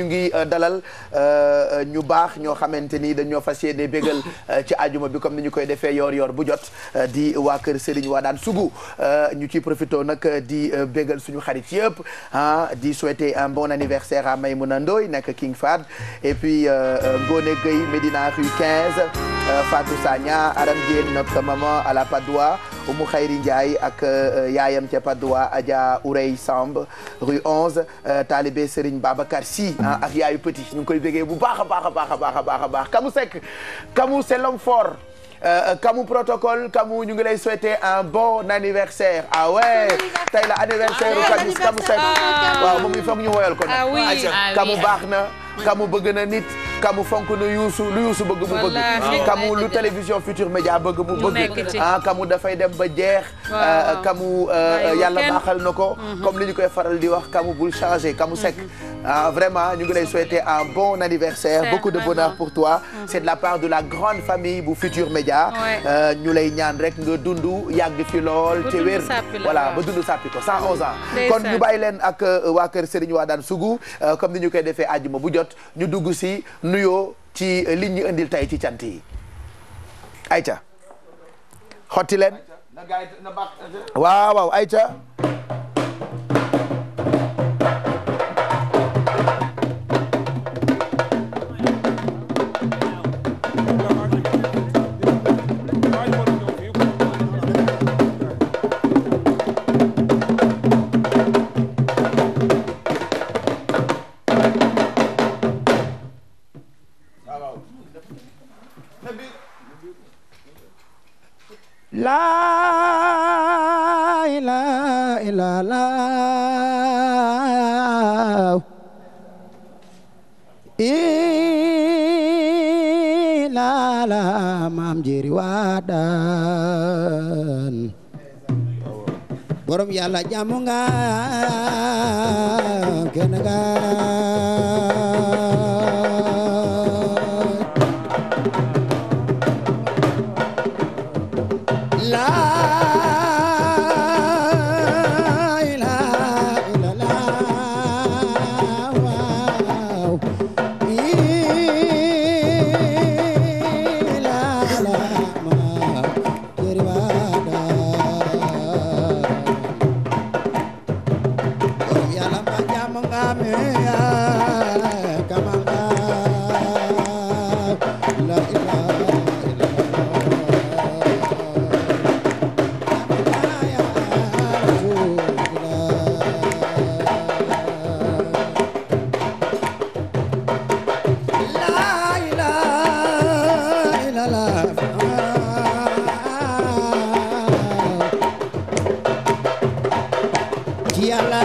ñu ngi euh, dalal euh, ñu baax ñoo xamante ni dañoo fas yéene bégal euh, ci ajuma bi comme ni ñu koy defee yoor yoor bu jot di waa kër Serigne Wadane Sougou ñu ciy profité nag di bégal suñu xarit yëpp ah di souhaiter un bon anniversaire à a Ndoye nekk King Fahd et puis Ngoné Gueye Médina rue 15 Fatou Sagna Aram Diène notre maman à la Padoua Oumou Khayri Ndiaye ak euh, yaayam ca Padoua Adja Ourey Samb rue 11 euh, taalibe Serigne Babacar Sy ak yaayu petit ñu ngi koy bégee bu baax a baax a baax a baax a baax a baax kamu sekk kamu c'est l'homme fort euh, kamu protocole kamu ñu ngi lay souhaiter un bon anniversaire ah ouais tey la anniversaire kamu kamu sec waaw ko nag ah ah kamu baax na kamu bëgg na nit kamu fonk na yuusu lu yuusu bëgg mu bëgg kamu lu télévision futur média bëgg mu bëgg ah kamu dafay dem ba jeex ah, kamu euh, euh, yàlla baaxal na ko mhm. comme li ñu koy faral di wax kamu bul changer kamu sec mhm. ah vraiment ñu ngi lay souhaiter un bon anniversaire beaucoup de bonheur pour toi mhm. c'est de la part de la grande famille bu futur média euh, ñu lay ñaan rek nga dund yàgg fi lool te weer voilà ba dund sàppi ko 111 ans kon ñu leen ak waa kër Serigne Wadane Sougou comme ni ñu koy defee ma bu jot ñu dugg si nuyoo ci eh, li ñu indil tay ci cant yi ayca xotti leen waaw waaw ayca Alxuraan borom yàlla jaamu nga kenn nga yàlla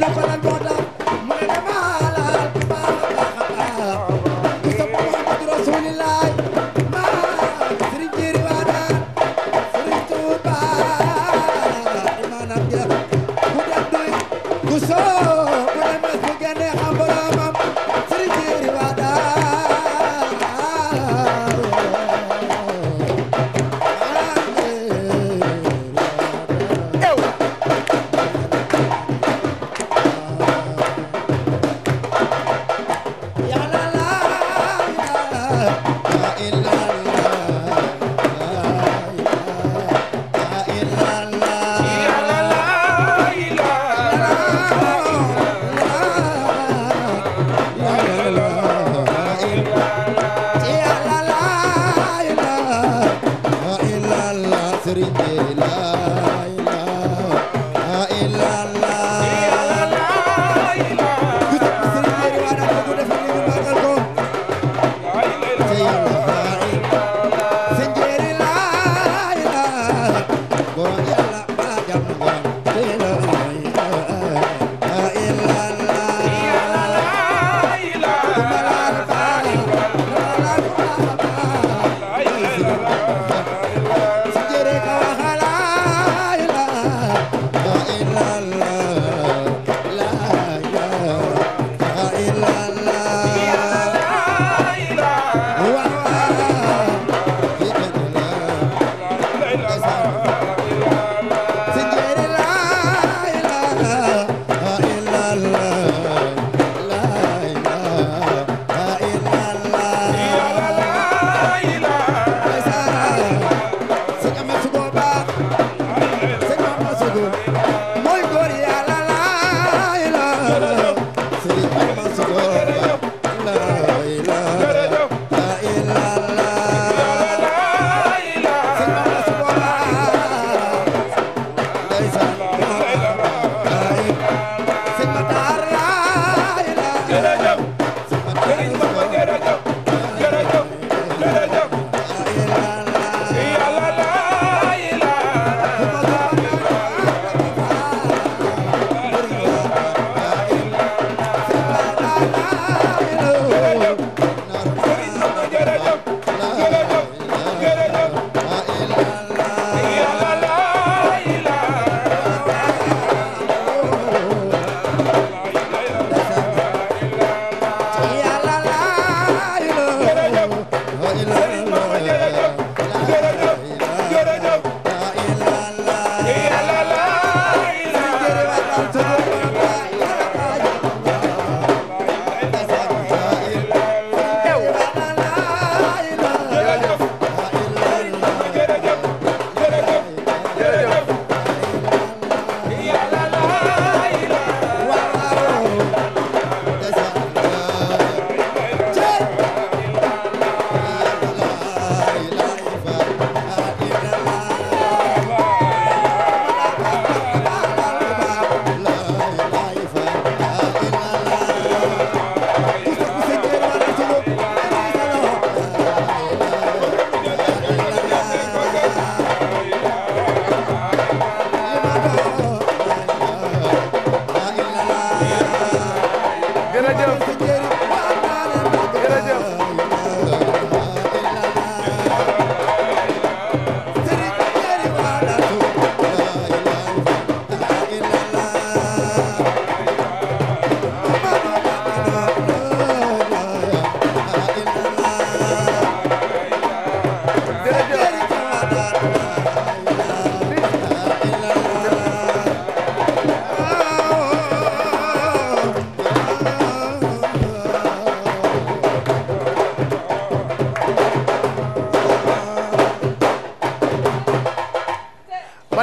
la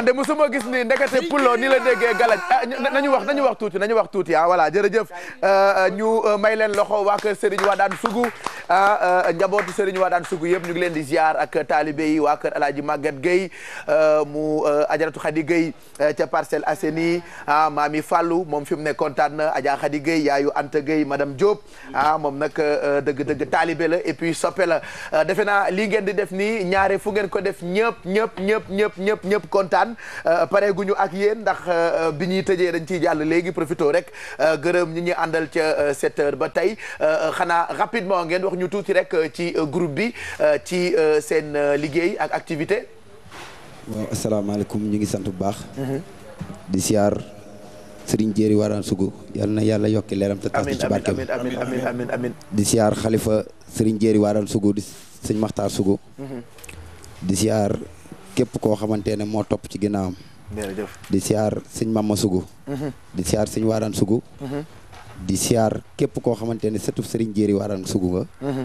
de musuma gis ni ndekete pulo ni la déggee galaj ah, nañu wax nañu wax tuuti nañu wax tuuti ah voilà jërëjëf euh, euh, ñu euh, may leen loxo waa kër Serigne Wadane Sougou Ah, ah njabootu wa daan Sougou yëpp ñu ngi leen di ziar ak taalibe yi waa kër El Hadj Maguette Gueye ah, mu ah, ajaratu Khady Gueye ca parcelle Assainies ah maami Fallou moom fi mu ne kontaan na Adja Khady Gueye yaayu Anta Gueye madame Diop ah moom nag dëgg-dëgg taalibe la et puis soppe la defe naa lii di def nii ñaare fu ngeen ko def ñëpp ñëpp ñëpp ñëpp ñëpp ñëpp kontaan pare guñu ak yéen ndax bi ñuy tëjee dañ ciy jàll léegi profito rek gërëm ñi ñuy àndal ca 7 ba tey xanaa rapidement ngeen ñu tuuti rek euh, ci euh, groupe bi euh, ci seen liggéey ak activité. waaw asalaamaaleykum ñu ngi sant bu baax. Mhm. di siyaar Serigne Jéeri Waraan Sugu yal na yàlla yokki leeram te taas na ci barkeem amiin di siyaar sëñ Maxtaar Sugu. képp koo xamante ne moo topp ci ginnaawam. di siyaar sëñ Mamma Sugu. Mhm. di siyaar sëñ Waraan Sugu. Mhm. di siyaar képp koo xamante ne sëtub sëriñ jéeri waaraan sugu nga mhm.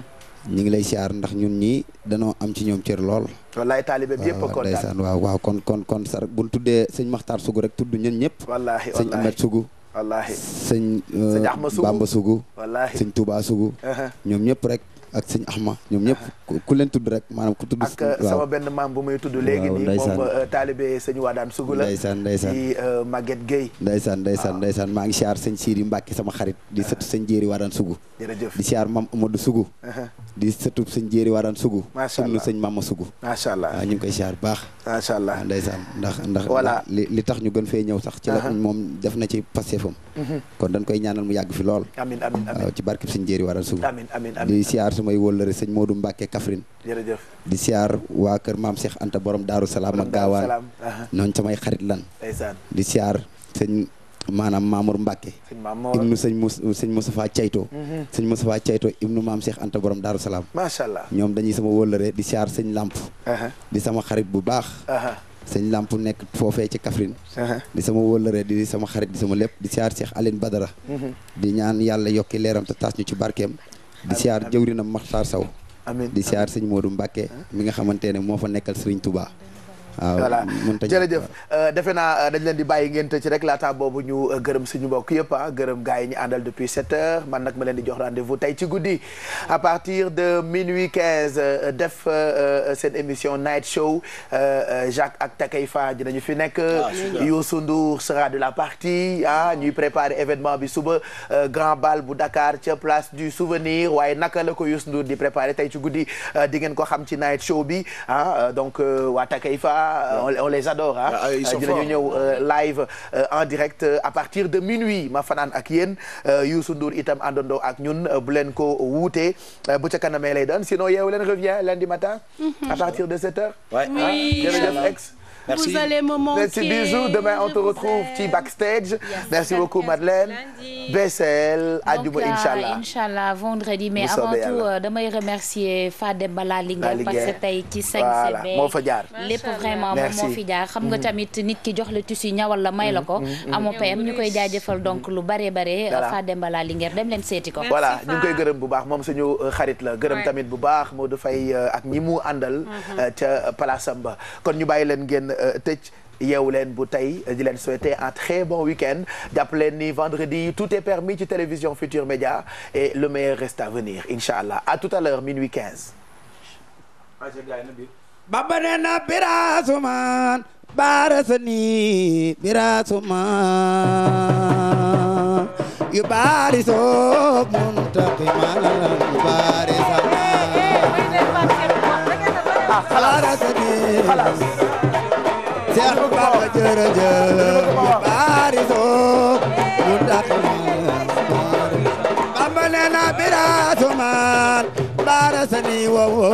ñu ngi lay siyaar ndax ñun ñii danoo am ci ñoom cër lool wallaay taalibe bi yëpp kontaan ndeysaan waaw waaw kon kon kon sar buñ tuddee sëñ Maxtaar Sugu rek tudd ñun ñëpp wallaahi sëñ Amet Sugu wallaahi Bamba Sugu wallaahi sëñ Sugu uh-huh. ñoom ñëpp rek ak sëñ Axma ñoom ñëpp ku leen tudd rek maanaam ku tudd ak sama benn maam bu may tudd léegi nii moom euh, taalibe sëñ Wadaan Sugu la ndeysaan ndeysaan di euh, Maguette Gueye ndeysaan ndeysaan ah. ndeysaan maa ngi siyaar sëñ Siri Mbacke sama xarit di sëtu sëñ Jéeri Wadaan Sugu jërëjëf di siyaar Mam Amadou Sugu uh-huh. di sëtu sëñ Jéeri Wadaan Sugu macha allah sëñ Mama Sugu ah, ñu ngi koy siyaar baax macha allah ah, ndeysaan ndax ndax voilà li tax ñu gën fee ñëw sax ci la uh-huh. moom def na ci passeefam uh-huh. kon dañ koy ñaanal mu yàgg fi lool amiin amiin ci barkeb sëñ Jéeri Wadaan Sugu di siyaar sumay wóllëre sëñ Modou Mbacke Kaffrine jërëjëf di siyaar waa kër maam Cheikh Anta borom Daaru Salaam ak gaawaan noonu samay xarit lan di siyaar sëñ maanaam Mamour Mbacke ibnu sëñ Mous sëñ Moustapha Cayto mhm. sëñ Moustapha Cayto ibnu maam Cheikh Anta borom Daaru Salaam macha allah ñoom dañuy sama wóllëre di siyaar sëñ Lamp di sama xarit bu baax sëñ Lamp nekk foofee ci Kaffrine di sama wóllëre di sama xarit di sama lépp di siyaar Cheikh Aline Badara mhm. di ñaan yàlla yokki leeram te taas ñu ci barkeem di siyaar jëwrinam Maxtaar Saw di siyaar sëñ Modou Mbacke mi nga xamante ne moo fa nekkal sëriñ Touba voilà jërëjëf euh, defe naa euh, dañ leen di bàyyi ngeen tëj rek laata boobu ñu euh, gërëm suñu mbokk yëpp ah gërëm gars yi ñu àndal depuis 7 heures man nag ma leen di jox rendez-vous tey ci guddi à partir de minuit 15 def seen émission night show Jacques ak Takeifa dinañu fi nekk ah, Youssou Ndour sera de la partie ah ñuy préparer événement bi suba grand bal bu Dakar ca place du souvenir waaye naka la ko Youssou Ndour di préparer tey ci guddi di ngeen ko xam ci night show bi ah donc waa Takeifa là euh, on les adore ah. Euh, dinañu ñëw euh, live en direct à partir de minuit ma fanaan ak yéen Youssou Ndour itam àndandoo ak ñun bu leen ko wuutee bu ca lay doon sinon Yeewu Leen revient lundi matin. Mhm. à partir de 7 heures. Ah, Merci. Vous allez me manquer. Merci, Demain, on te retrouve ci backstage. Merci beaucoup, Madeleine. BCL, àjjuma inchallah. Inchallah, vendredi. Mais avant tout, euh, damay remercier Fade Bala Linguère parce que tey ci 5 CB. moo fa jaar. lépp fi jaar. xam nga mm. tamit nit ki jox la tissu ñawal la may la mm, ko. Mm, amoo payam ñu koy jaajëfal donc lu bare bare. Euh, Fade Bala Linguère dem leen seeti ko. voilà ñu ngi koy gërëm bu baax moom suñu euh, xarit la. gërëm tamit bu baax moo dafay ak ñi mu àndal. Mm-hmm. ca palaasam ba kon ñu bàyyi leen ngeen leen tëj yeewu leen bu tey di leen souhaiter un très bon week-end jàpp leen ni vendredi tout est permis ci télévision Futur Média et le meilleur reste à venir incha allah à tout à l'heure minuit 15. baba nee na birasuman Seex Bamba jërëjëf ya baariso mu daxmas Bamba nee na biraasumaan baarasani wowo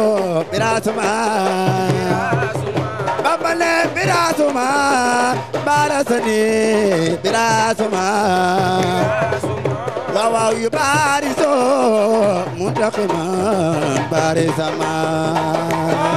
biraasumaan Bamba nee biraasumaan baarasani biraasumaan waaw yu baariso mu daxmas baarisamaan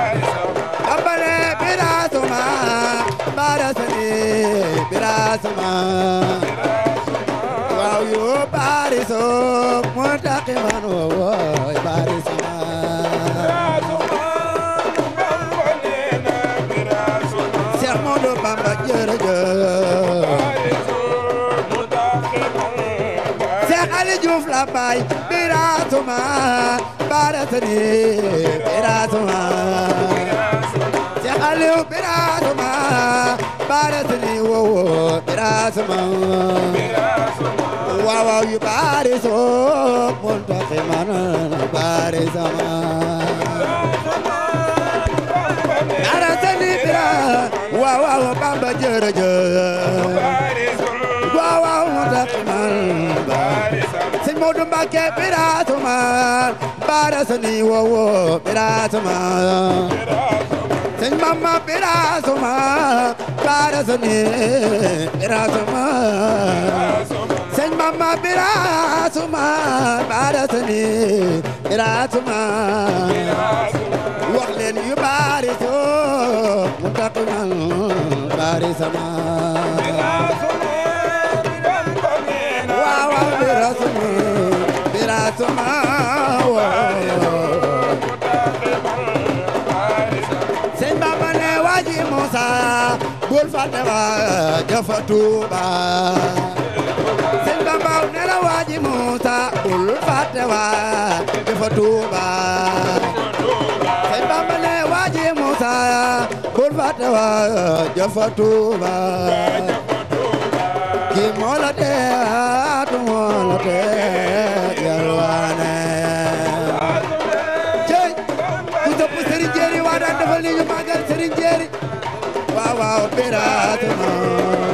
براسما براسني براسما واو يو بارسو منتقما وهو بارسما Birasuma, Barasani, Birasuma. Saliou Birasuma barisini wowoo Birasuma waawaaw yu barisoo muntaximana barisama arasani bira waawaaw Bamba jërëjëf waawaaw muntaximana barisama si Moodu Mbàkke Birasuma barisini wowoo Birasuma sëñ mama birasuma karasone birasuma sëñ mama birasuma karasone birasuma wax leen yu bari soo mu takumal bari sama waaw waaw birasuma birasuma la dewa jafa tuuba sëñ bambaw ne la waaji muusa bul fàtte waa jafa tuuba sëñ bamba ne waaji muusa bul fàtte waa jafa tuuba kii moo la dee aatu moo la dee Fatima